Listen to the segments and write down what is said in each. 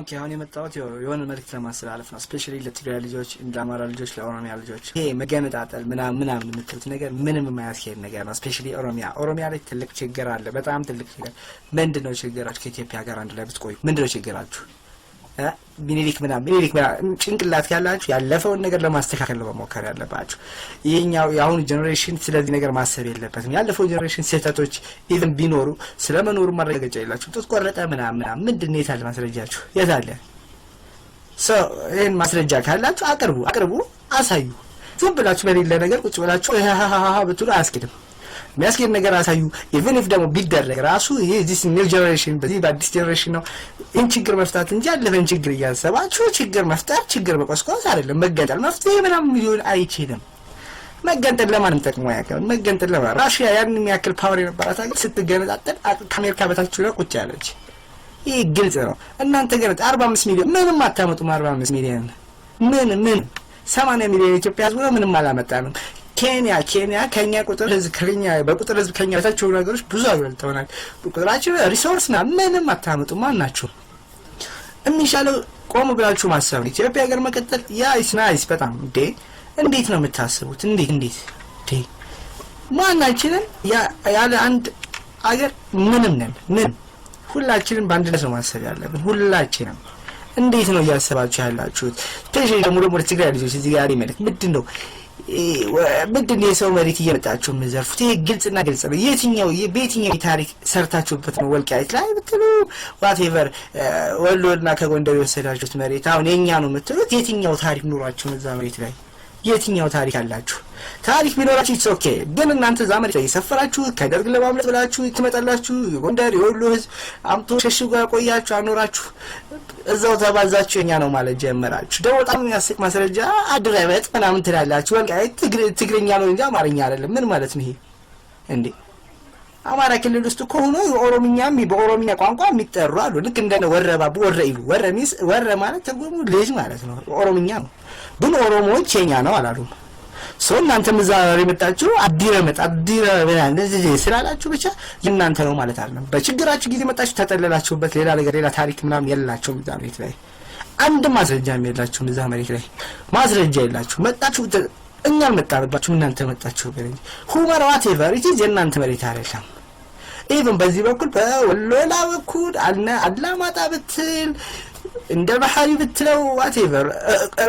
ኦኬ አሁን የመጣሁት የሆነ መልክት ለማስተላለፍ ነው። ስፔሻሊ ለትግራይ ልጆች፣ ለአማራ ልጆች፣ ለኦሮሚያ ልጆች ይሄ መገነጣጠል ምናምን ምናምን የምትሉት ነገር ምንም የማያስኬድ ነገር ነው። ስፔሻሊ ኦሮሚያ ኦሮሚያ ላይ ትልቅ ችግር አለ። በጣም ትልቅ ችግር። ምንድነው ችግራችሁ? ከኢትዮጵያ ጋር አንድ ላይ ብትቆዩ ምንድነው ችግራችሁ? ሚኒሊክ ምና ሚኒሊክ ምና ጭንቅላት ያላችሁ ያለፈውን ነገር ለማስተካከል ለመሞከር ያለባችሁ። ይሄኛው የአሁኑ ጀኔሬሽን ስለዚህ ነገር ማሰብ የለበትም። ያለፈው ጀኔሬሽን ስህተቶች ኢቭን ቢኖሩ ስለ መኖሩ ማረጋገጫ የላችሁ። ጡት ቆረጠ ምና ምና ምንድን ነው የታለ ማስረጃችሁ? የታለ ይህን ማስረጃ ካላችሁ አቅርቡ፣ አቅርቡ፣ አሳዩ። ዝም ብላችሁ በሌለ ነገር ቁጭ ብላችሁ ብትሉ አያስኬድም። የሚያስኬድ ነገር አሳዩ። ኢቨን ኢፍ ደግሞ ቢደረግ ራሱ ይሄ ዚስ ኒው ጀኔሬሽን በዚህ በአዲስ ጀኔሬሽን ነው ይህን ችግር መፍታት እንጂ ያለፈን ችግር እያሰባችሁ ችግር መፍጠር ችግር መቆስቆስ አይደለም። መገንጠል መፍትሄ ምናምን ሊሆን አይችልም። መገንጠል ለማንም ጠቅሞ ያውቃል? መገንጠል ለማ ራሽያ ያን የሚያክል ፓወር የነበራት ሀገር ስትገነጣጠል ከአሜሪካ በታች ብላ ቁጭ ያለች ይህ ግልጽ ነው። እናንተ ገነ አርባ አምስት ሚሊዮን ምንም አታመጡም። አርባ አምስት ሚሊዮን ምን ምን ሰማንያ ሚሊዮን የኢትዮጵያ ህዝብ ምንም አላመጣንም። ኬንያ ኬንያ ከኛ ቁጥር ህዝብ ከኛ በቁጥር ህዝብ ከኛ በታችሁ ነገሮች ብዙ አበልጠውናል። ቁጥራችሁ ሪሶርስና ምንም አታመጡ ማናችሁ የሚሻለው ቆሙ ብላችሁ ማሰብ ነው። ኢትዮጵያ ሀገር መቀጠል ያ ኢስ ናይስ በጣም እንዴ! እንዴት ነው የምታስቡት? እንዴት እንዴት እንዴ! ማናችንን ያለ አንድ አገር ምንም ነን። ምን ሁላችንም በአንድነት ነው ማሰብ ያለብን። ሁላችንም እንዴት ነው እያሰባችሁ ያላችሁት? ፔሽ ደግሞ ደግሞ ትግራይ ልጆች እዚህ ጋር መልክ ምንድን ነው ምንድን የሰው መሬት እየመጣችሁ የምዘርፉት? ይሄ ግልጽና ግልጽ ነው። የትኛው በየትኛው ታሪክ ሰርታችሁበት ነው ወልቃይት ላይ ብትሉ ዋቴቨር ወሎና ከጎንደር የወሰዳችሁት መሬት አሁን የኛ ነው የምትሉት፣ የትኛው ታሪክ ኑሯችሁን እዛ መሬት ላይ የትኛው ታሪክ አላችሁ? ታሪክ ቢኖራችሁ ኢትስ ኦኬ። ግን እናንተ እዛ መሬት የሰፈራችሁ ከደርግ ለማምለጥ ብላችሁ ትመጣላችሁ። የጎንደር የወሎ ህዝብ አምቶ ሸሽጎ ያቆያችሁ አኖራችሁ፣ እዛው ተባዛችሁ የኛ ነው ማለት ጀመራችሁ። ደግሞ በጣም የሚያስቅ ማስረጃ አድረበጥ ምናምን ትላላችሁ። ትግርኛ ነው እንጂ አማርኛ አይደለም። ምን ማለት ነው ይሄ እንዴ? አማራ ክልል ውስጥ እኮ ሆኖ የኦሮምኛ በኦሮምኛ ቋንቋ የሚጠሩ አሉ። ልክ እንደ ወረባ ወረ ይሉ ወረ ሚስ ወረ ማለት ተጉሙ ልጅ ማለት ነው። ኦሮምኛ ነው፣ ግን ኦሮሞዎች የኛ ነው አላሉም። ሰው እናንተ ምዛ የመጣችሁ አዲረመጥ አዲረበና ስላላችሁ ብቻ የእናንተ ነው ማለት አለም። በችግራችሁ ጊዜ መጣችሁ ተጠለላችሁበት፣ ሌላ ነገር ሌላ ታሪክ ምናምን የላቸውም እዛ መሬት ላይ አንድ ማስረጃ የላችሁም። እዛ መሬት ላይ ማስረጃ የላችሁ መጣችሁ እኛ አልመጣንባችሁም እናንተ መጣችሁብን እንጂ ሁመር ዋቴቨር ይቺ የእናንተ መሬት አይደለም። ኢቭን በዚህ በኩል በወሎላ በኩል አለ አላማጣ ብትል እንደ ባህሪ ብትለው ዋቴቨር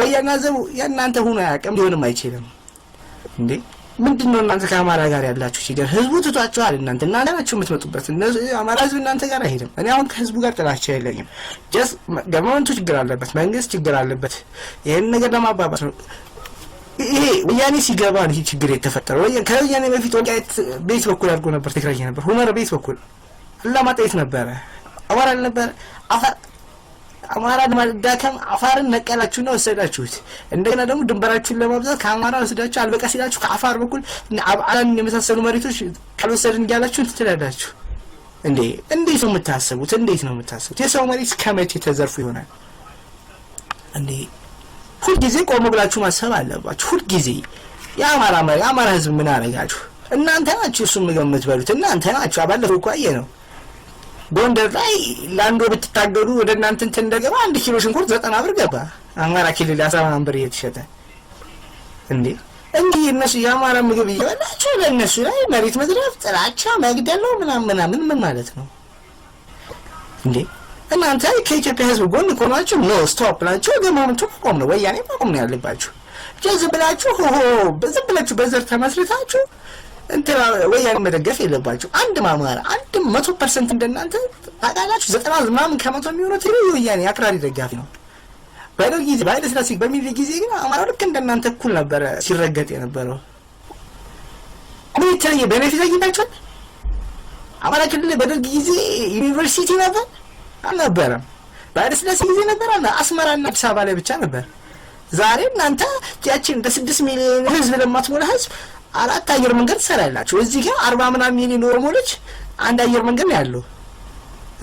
ረያና ዘቡ የእናንተ ሁኖ አያውቅም፣ ሊሆንም አይችልም። እንዴ ምንድን ነው እናንተ ከአማራ ጋር ያላችሁ ችግር? ህዝቡ ትቷችኋል። እናንተ እናንተ ናችሁ የምትመጡበት። አማራ ህዝብ እናንተ ጋር አይሄድም። እኔ አሁን ከህዝቡ ጋር ጥላቸው የለኝም። ጀስት ገቨርመንቱ ችግር አለበት፣ መንግስት ችግር አለበት። ይህን ነገር ለማባባስ ነው ይሄ ወያኔ ሲገባ ነው ይህ ችግር የተፈጠረ ከወያኔ በፊት ወልቃይት ቤት በኩል አድርጎ ነበር ትግራይ ነበር፣ ሁመራ ቤት በኩል አላማጣ ቤት ነበረ፣ አማራ ነበር። አማራ ማዳከም አፋርን ነቀላችሁና ወሰዳችሁት። እንደገና ደግሞ ድንበራችሁን ለማብዛት ከአማራ ወስዳችሁ አልበቃ ሲላችሁ ከአፋር በኩል አብዓላን የመሳሰሉ መሬቶች ካልወሰድን እያላችሁ ትትላላችሁ እንዴ! እንዴት ነው የምታስቡት? እንዴት ነው የምታስቡት? የሰው መሬት ከመቼ ተዘርፉ ይሆናል እንዴ? ሁልጊዜ ቆም ብላችሁ ማሰብ አለባችሁ። ሁልጊዜ የአማራ መሪ የአማራ ህዝብ ምን አረጋችሁ? እናንተ ናችሁ እሱ ምግብ የምትበሉት እናንተ ናችሁ። ባለፈው እኮ አየ ነው ጎንደር ላይ ለአንድ ወር ብትታገዱ ወደ እናንተ እንትን እንደገባ አንድ ኪሎ ሽንኩርት ዘጠና ብር ገባ። አማራ ክልል አስራ ብር እየተሸጠ እንዴ! እንዲህ እነሱ የአማራ ምግብ እየበላችሁ ለእነሱ ላይ መሬት መዝረፍ፣ ጥላቻ፣ መግደል ነው ምናምን ምናምን ምን ማለት ነው እንዴ? እናንተ ከኢትዮጵያ ህዝብ ጎን ከሆናችሁ ኖ ስቶፕ ናቸው። ገመምቱ ቆም ነው፣ ወያኔ ቆም ነው ያለባችሁ። ጀዝ ብላችሁ ሆሆ ዝም ብላችሁ በዘር ተመስርታችሁ እንትና ወያኔ መደገፍ የለባችሁ። አንድ አማራ አንድ መቶ ፐርሰንት እንደናንተ አቃላችሁ ዘጠና ምናምን ከመቶ የሚሆኑት ወያኔ አክራሪ ደጋፊ ነው። በደርግ ጊዜ በኃይለ ሥላሴ በሚል ጊዜ ግን አማራው ልክ እንደናንተ እኩል ነበረ ሲረገጥ የነበረው። ምን የተለየ ቤኔፊት አግኝታችኋል? አማራ ክልል በደርግ ጊዜ ዩኒቨርሲቲ ነበር አልነበረም። በኃይለሥላሴ ጊዜ ነበር አለ አስመራና አዲስ አበባ ላይ ብቻ ነበር። ዛሬ እናንተ ያችን እንደ ስድስት ሚሊዮን ህዝብ ለማትሞላ ህዝብ አራት አየር መንገድ ትሰራላችሁ። እዚህ ጋር አርባ ምናምን ሚሊዮን ኦሮሞዎች አንድ አየር መንገድ ነው ያለው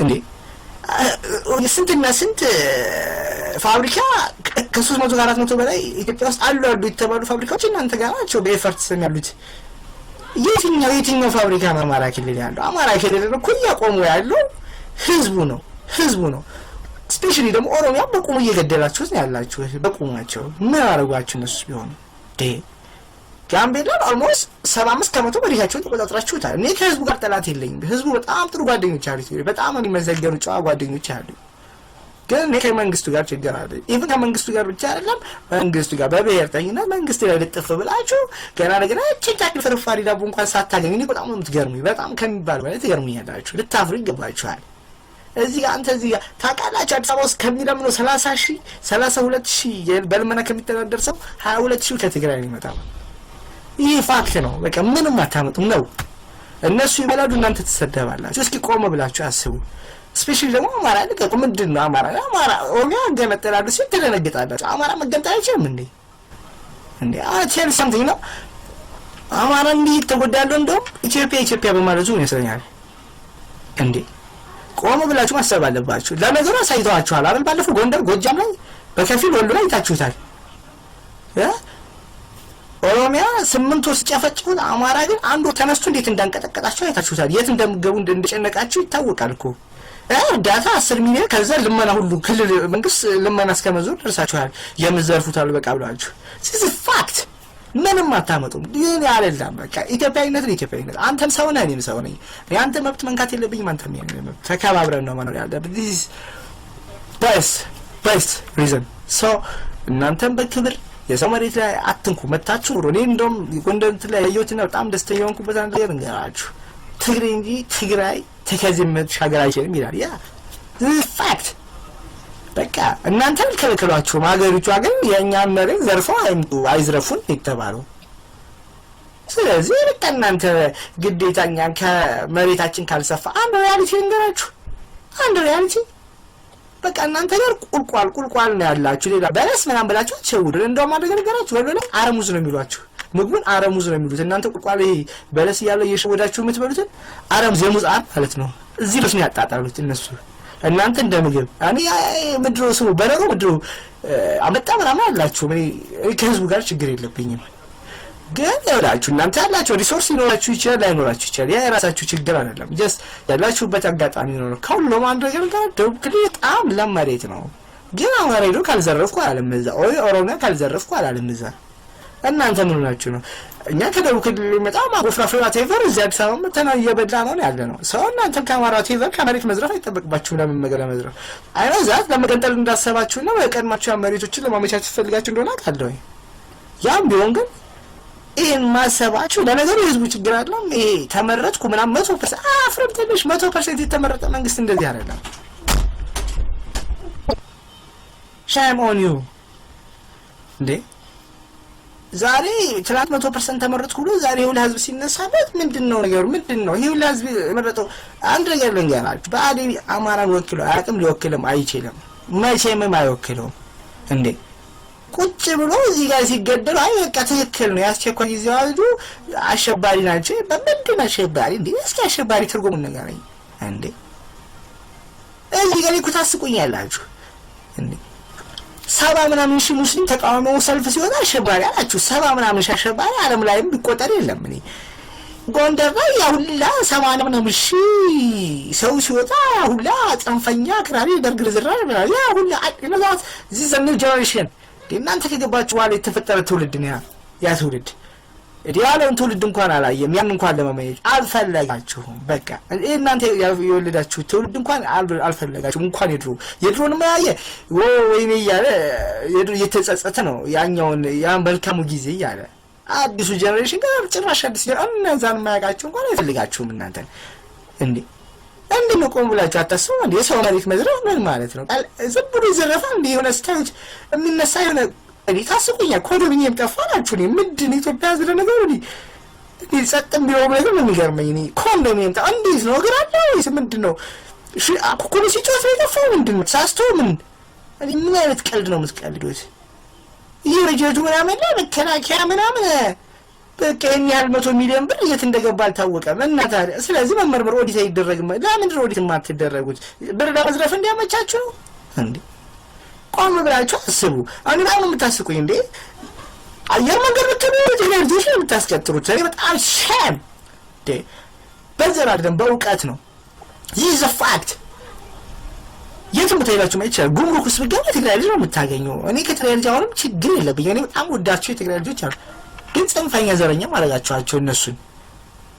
እንዴ! ስንትና ስንት ፋብሪካ ከሶስት መቶ ከአራት መቶ በላይ ኢትዮጵያ ውስጥ አሉ ያሉ የተባሉ ፋብሪካዎች እናንተ ጋር ናቸው በኤፈርት ስም ያሉት። የትኛው የትኛው ፋብሪካ ነው አማራ ክልል ያለው? አማራ ክልል ነው እኮ እያቆሙ ያለው ህዝቡ ነው። ህዝቡ ነው። ስፔሻሊ ደግሞ ኦሮሚያ በቁሙ እየገደላችሁት ነው ያላችሁ። በቁማቸው ምን አደረጓቸው? እነሱ ቢሆኑ ጋምቤላን ኦልሞስት ሰባ አምስት ከመቶ በሬታቸውን ተቆጣጥራችሁታል። እኔ ከህዝቡ ጋር ጠላት የለኝም። ህዝቡ በጣም ጥሩ ጓደኞች አሉ። በጣም የሚመዘገኑ ጨዋ ጓደኞች አሉ። ግን እኔ ከመንግስቱ ጋር ችግር አለ። ኢቭን ከመንግስቱ ጋር ብቻ አይደለም መንግስቱ ጋር በብሔርተኝነት መንግስት ላይ ልጥፍ ብላችሁ ገና ለገና ጭን ፍርፋሪ ዳቦ እንኳን ሳታገኝ በጣም ነው የምትገርሙኝ። በጣም ከሚባል በላይ ትገርሙኛላችሁ። ልታፍሩ ይገባችኋል። እዚህ ጋር አንተ እዚህ ጋር ታውቃላችሁ፣ አዲስ አበባ ውስጥ ከሚለምነው ሰላሳ ሺህ ሰላሳ ሁለት ሺህ በልመና ከሚተዳደር ሰው ሀያ ሁለት ሺህ ከትግራይ ይመጣ ይህ ፋክት ነው። በቃ ምንም አታመጡም ነው። እነሱ ይበላሉ፣ እናንተ ትሰደባላችሁ። እስኪ ቆም ብላችሁ አስቡ። ስፔሻሊ ደግሞ አማራ ልቀቁ። ምንድን ነው አማራ አማራ ኦሮሚያ ገነጠላሉ ሲል ትደነግጣላችሁ። አማራ መገንጠል አይችልም እንዴ? እንዴ አቴል ሰምቲንግ ነው አማራ እንዲህ ተጎዳለሁ። እንደውም ኢትዮጵያ ኢትዮጵያ በማለቱ ይመስለኛል እንዴ ቆሙ ብላችሁ ማሰብ አለባችሁ። ለነገሩ አሳይተዋችኋል። አሁን ባለፈው ጎንደር፣ ጎጃም ላይ በከፊል ወሎ ላይ ይታችሁታል። ኦሮሚያ ስምንት ወር ሲጨፈጭፉት፣ አማራ ግን አንዱ ተነስቶ እንዴት እንዳንቀጠቀጣቸው አይታችሁታል። የት እንደምገቡ እንደጨነቃቸው ይታወቃል እኮ እርዳታ አስር ሚሊዮን ከዛ ልመና ሁሉ ክልል መንግስት ልመና እስከመዞር ደርሳችኋል። የምዘርፉታል በቃ ብላችሁ ዚስ ፋክት ምንም አታመጡም። ግን አይደለም በቃ ኢትዮጵያዊነት ነው ኢትዮጵያዊነት። አንተም ሰው ነህ፣ እኔም ሰው ነኝ። የአንተ መብት መንካት የለብኝም፣ አንተም መብት። ተከባብረን ነው መኖር ያለብን። በስ በስ ሪዝን ሶ እናንተም በክብር የሰው መሬት ላይ አትንኩ፣ መታችሁ ኑሩ። እኔ እንደውም ጎንደር እንትን ላይ ያየሁትና በጣም ደስተኛ የሆንኩበት አንድ ነገር እንገራችሁ፣ ትግሬ እንጂ ትግራይ ተከዜ መሻገር አይችልም ይላል ያ ፋክት በቃ እናንተ አልከለከሏችሁም። ሀገሪቷ ግን የእኛን መሬት ዘርፈው አይምጡ አይዝረፉን የተባለው። ስለዚህ በቃ እናንተ ግዴታ እኛን ከመሬታችን ካልሰፋ አንድ ሪያሊቲ ንገራችሁ፣ አንድ ሪያሊቲ በቃ እናንተ ጋር ቁልቋል ቁልቋል ነው ያላችሁ። ሌላ በለስ ምናምን ብላችሁ አትሸውድን። እንደውም አደገ ነገራችሁ በሎ ላይ አረሙዝ ነው የሚሏችሁ ምግቡን አረሙዝ ነው የሚሉት። እናንተ ቁልቋል ይሄ በለስ እያለ እየሸወዳችሁ የምትበሉትን አረሙዝ የሙዝ አር ማለት ነው። እዚህ ነው ያጣጣሉት እነሱ እናንተ እንደ ምግብ እኔ ምድሮ ስሙ በረሮ ምድሮ አመጣ ምናምን አላችሁ። ከህዝቡ ጋር ችግር የለብኝም። ግን ይኸውላችሁ እናንተ ያላችሁ ሪሶርስ ሊኖራችሁ ይችላል፣ ላይኖራችሁ ይችላል። ያ የራሳችሁ ችግር አይደለም። ጀስ ያላችሁበት አጋጣሚ ነው። ከሁሉም አንድ ነገር ጋር ደቡብ ክልል በጣም ለም መሬት ነው። ግን አማራ ሄዶ ካልዘረፍኩ አላለም እዛ፣ ኦሮሚያ ካልዘረፍኩ አላለም እዛ እናንተ ምን ሆናችሁ ነው? እኛ ከደቡብ ክልል በጣም አጎፍራ ቴቨር እዚህ አዲስ አበባ መተና እየበላ ነው ያለ ነው ሰው። እናንተም ከአማራ ቴቨር ከመሬት መዝረፍ አይጠበቅባችሁም። ለምን መገለ መዝረፍ አይነ ዛት ለመቀንጠል እንዳሰባችሁ ና በቀድማችሁ መሬቶችን ለማመቻቸት ትፈልጋችሁ እንደሆነ አውቃለሁ። ያም ቢሆን ግን ይህን ማሰባችሁ ለነገሩ የህዝቡ ችግር አለም። ይሄ ተመረጥኩ ምናም መቶ ፐርሰንት አፍርም ትንሽ መቶ ፐርሰንት የተመረጠ መንግስት እንደዚህ አይደለም። ሻይም ኦን ዩ እንዴ ዛሬ ትናንት መቶ ፐርሰንት ተመረጥኩ ብሎ ዛሬ የሁላ ህዝብ ሲነሳበት ምንድን ነው ነገሩ? ምንድን ነው ይሄ ሁላ ህዝብ የመረጠው? አንድ ነገር ልንገራችሁ፣ ብአዴን አማራን ወክሎ አያውቅም፣ ሊወክልም አይችልም፣ መቼምም አይወክለውም። እንዴ ቁጭ ብሎ እዚህ ጋር ሲገደሉ፣ አይ በቃ ትክክል ነው የአስቸኳይ ጊዜ አዋጁ አሸባሪ ናቸው። በምንድን አሸባሪ? እንዴ እስኪ አሸባሪ ትርጉሙን ንገረኝ እንዴ። እዚህ ጋር ኩታስቁኛላችሁ ሰባ ምናምን ሺህ ሙስሊም ተቃውሞ ሰልፍ ሲሆን አሸባሪ አላችሁ። ሰባ ምናምን ሺህ አሸባሪ ዓለም ላይ የሚቆጠር የለም። እኔ ጎንደር ላይ ያሁላ ሰባ ምናምን ሺህ ሰው ሲወጣ ያሁላ ጽንፈኛ አክራሪ ደርግ ርዝራ ያ ያሁላ ዚ ዘኒው ጀነሬሽን እናንተ ከገባችሁ በኋላ የተፈጠረ ትውልድ ነው ያ ትውልድ ያለውን ትውልድ እንኳን አላየም። ያን እንኳን ለመመኘት አልፈለጋችሁም። በቃ ይህ እናንተ የወለዳችሁ ትውልድ እንኳን አልፈለጋችሁም። እንኳን የድሮ የድሮን ማያየ ወይኔ እያለ እየተጸጸተ ነው ያኛውን ያን መልካሙ ጊዜ እያለ አዲሱ ጀኔሬሽን ጋር ጭራሽ አዲስ ጀ እነዛን ማያውቃችሁ እንኳን አይፈልጋችሁም። እናንተ እንዴ እንዴ ነው ቆም ብላችሁ አታስቡ? እንዲ የሰው መሬት መዝረፍ ምን ማለት ነው? ዝም ብሎ ይዘረፋል እንዴ? የሆነ ስታዮች የሚነሳ የሆነ እኔ ታስቁኛል። ኮንዶሚኒየም ጠፋ ናችሁ። እኔ ምንድን ኢትዮጵያ ህዝብ ለነገሩ እኔ ጸጥ ቢለው ነገር ነው የሚገርመኝ። እኔ ኮንዶሚኒየም ጠፋ እንዴት ነው? እግር አለ ወይስ ምንድን ነው? ኩኩሉ ሲጮት ነው የጠፋው? ምንድን ነው ሳስቶ ምን ምን አይነት ቀልድ ነው የምትቀልዶት? ይህ ረጀቱ ምናምን ላይ መከላከያ ምናምን በቃ ይህን ያህል መቶ ሚሊዮን ብር የት እንደገባ አልታወቀም። እና ታዲያ ስለዚህ መመርመር ኦዲት አይደረግም። ለምንድን ኦዲት የማትደረጉት? ብር ለመዝረፍ እንዲያመቻችሁ እንዴ? ቆም ብላችሁ አስቡ። አሁን በጣም ነው የምታስቁኝ እንዴ! አየር መንገድ ብትሉ ኢነርጂሽ ነው የምታስቀጥሩት። እኔ በጣም ሸም እንዴ! በዘር አይደለም በእውቀት ነው። ይህ ዘ ፋክት የትም ብትሄዳችሁ ማየት ይችላል። ጉምሩክ ውስጥ ብትገባ የትግራይ ልጅ ነው የምታገኘው። እኔ ከትግራይ ልጅ አሁንም ችግር የለብኝ። እኔ በጣም ወዳቸው የትግራይ ልጆች አሉ፣ ግን ጽንፈኛ ዘረኛ ማድረጋችኋቸው እነሱን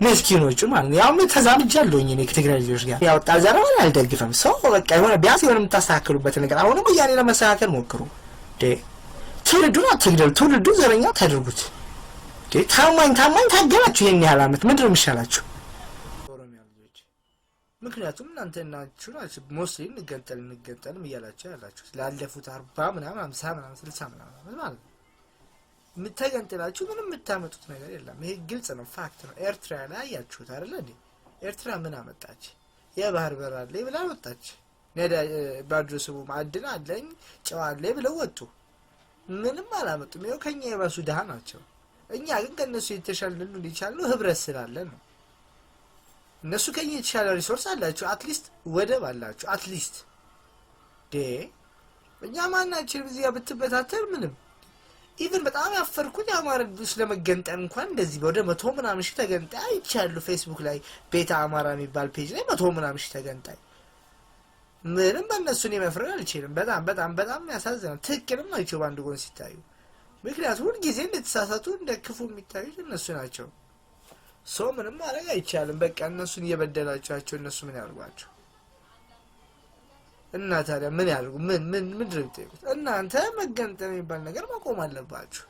ምስኪኖቹ ማለት ነው። ያው ተዛምጃ አለኝ እኔ ከትግራይ ልጆች ጋር ያወጣ ዘረባን አልደግፈም። ሰው በቃ የሆነ ቢያንስ የሆነ የምታስተካክሉበት ነገር አሁንም ወያኔ ለመስተካከል ሞክሩ። ትውልዱን አትግደሉ። ትውልዱ ዘረኛ ታድርጉት። ታማኝ ታማኝ ታገላችሁ ይህን ያህል አመት ምንድን ነው የሚሻላችሁ? ምክንያቱም እናንተ ናችሁ ናችሁ ሞስሊ እንገንጠል እንገንጠልም እያላችሁ ያላችሁ ላለፉት አርባ ምናምን አምሳ ምናምን ስልሳ ምናምን ማለት ነው ተገንጥላችሁ ምንም የምታመጡት ነገር የለም። ይሄ ግልጽ ነው፣ ፋክት ነው። ኤርትራ ላይ አያችሁት አይደለ እንዴ? ኤርትራ ምን አመጣች? የባህር በር አለኝ ብላ ወጣች። ባዶ ስቡ ማዕድን አለኝ ጨው አለኝ ብለው ወጡ። ምንም አላመጡም። ይኸው ከኛ የባሱ ድሀ ናቸው። እኛ ግን ከእነሱ የተሻለ ልንሆን የቻልነው ህብረት ስላለ ነው። እነሱ ከኛ የተሻለ ሪሶርስ አላቸው። አትሊስት ወደብ አላቸው። አትሊስት ዴ እኛ ማናችንም እዚያ ብትበታተር ምንም ኢቨን በጣም ያፈርኩኝ የአማራ ልጆች ለመገንጠል እንኳን እንደዚህ ወደ መቶ ምናምን ሺህ ተገንጣይ አይቻሉ። ፌስቡክ ላይ ቤተ አማራ የሚባል ፔጅ ላይ መቶ ምናምን ሺህ ተገንጣይ ምንም በእነሱ እኔ መፍረድ አልችልም። በጣም በጣም በጣም ያሳዝናል። ትክክልም ናቸው በአንድ ጎን ሲታዩ፣ ምክንያቱም ሁልጊዜ እንደተሳሳቱ እንደ ክፉ የሚታዩት እነሱ ናቸው። ሰው ምንም ማድረግ አይቻልም። በቃ እነሱን እየበደላቸዋቸው እነሱ ምን ያርጓቸው? እና ታዲያ ምን ያድርጉ? ምን ምን ምንድነው የሚጠይቁት? እናንተ መገንጠል የሚባል ነገር ማቆም አለባችሁ።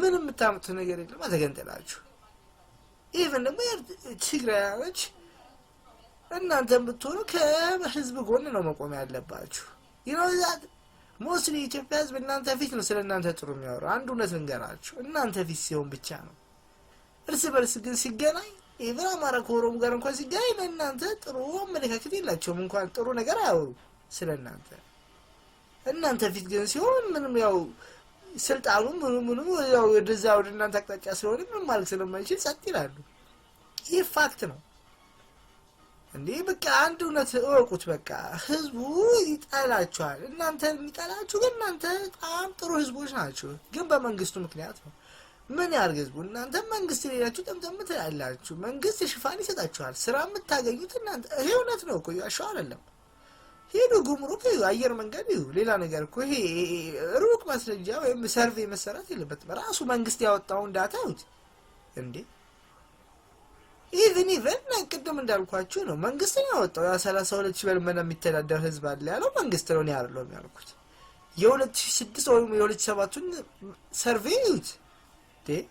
ምን የምታመጡት ነገር የለም። ተገንጠላችሁ። ኢቨን ደግሞ ትግራዮች እናንተ ብትሆኑ ከህዝብ ጎን ነው መቆም ያለባችሁ። ይኖዛት ሞስሊ የኢትዮጵያ ህዝብ እናንተ ፊት ነው ስለ እናንተ ጥሩ የሚያወሩ። አንድ እውነት ልንገራችሁ፣ እናንተ ፊት ሲሆን ብቻ ነው። እርስ በርስ ግን ሲገናኝ ኢቨን አማራ ከኦሮሞ ጋር እንኳን ሲገናኝ ለእናንተ ጥሩ አመለካከት የላቸውም። እንኳን ጥሩ ነገር አያወሩም። ስለ እናንተ እናንተ ፊት ግን ሲሆን ምንም ያው ስልጣኑ ምኑ ምኑ ያው ወደዛ ወደ እናንተ አቅጣጫ ስለሆነ ምንም ማለት ስለማይችል ጸጥ ይላሉ። ይህ ፋክት ነው። እንዲህ በቃ አንድ እውነት እወቁት። በቃ ህዝቡ ይጠላችኋል። እናንተ የሚጠላችሁ ግን እናንተ በጣም ጥሩ ህዝቦች ናችሁ፣ ግን በመንግስቱ ምክንያት ነው። ምን ያርግ ህዝቡ? እናንተ መንግስት የሌላችሁ ጥምጥም ትላላችሁ። መንግስት ሽፋን ይሰጣችኋል፣ ስራ የምታገኙት እናንተ። ይሄ እውነት ነው እኮ ያሸው አይደለም። ሄዱ ጉምሩክ አየር መንገድ ሌላ ነገር እኮ ይሄ ሩቅ ማስረጃ ወይም ሰርቬ መሰራት የለበትም። ራሱ መንግስት ያወጣውን ዳታ ውት እንዴ ኢቨን ኢቨን ቅድም እንዳልኳችሁ ነው። መንግስት ነው ያወጣው። ያ ሰላሳ ሁለት ሺ በልመና የሚተዳደር ህዝብ አለ ያለው መንግስት ነው። እኔ አይደለሁም ያልኩት የሁለት ሺ ስድስት ወይም የሁለት ሺህ ሰባቱን ሰርቬ ይዩት።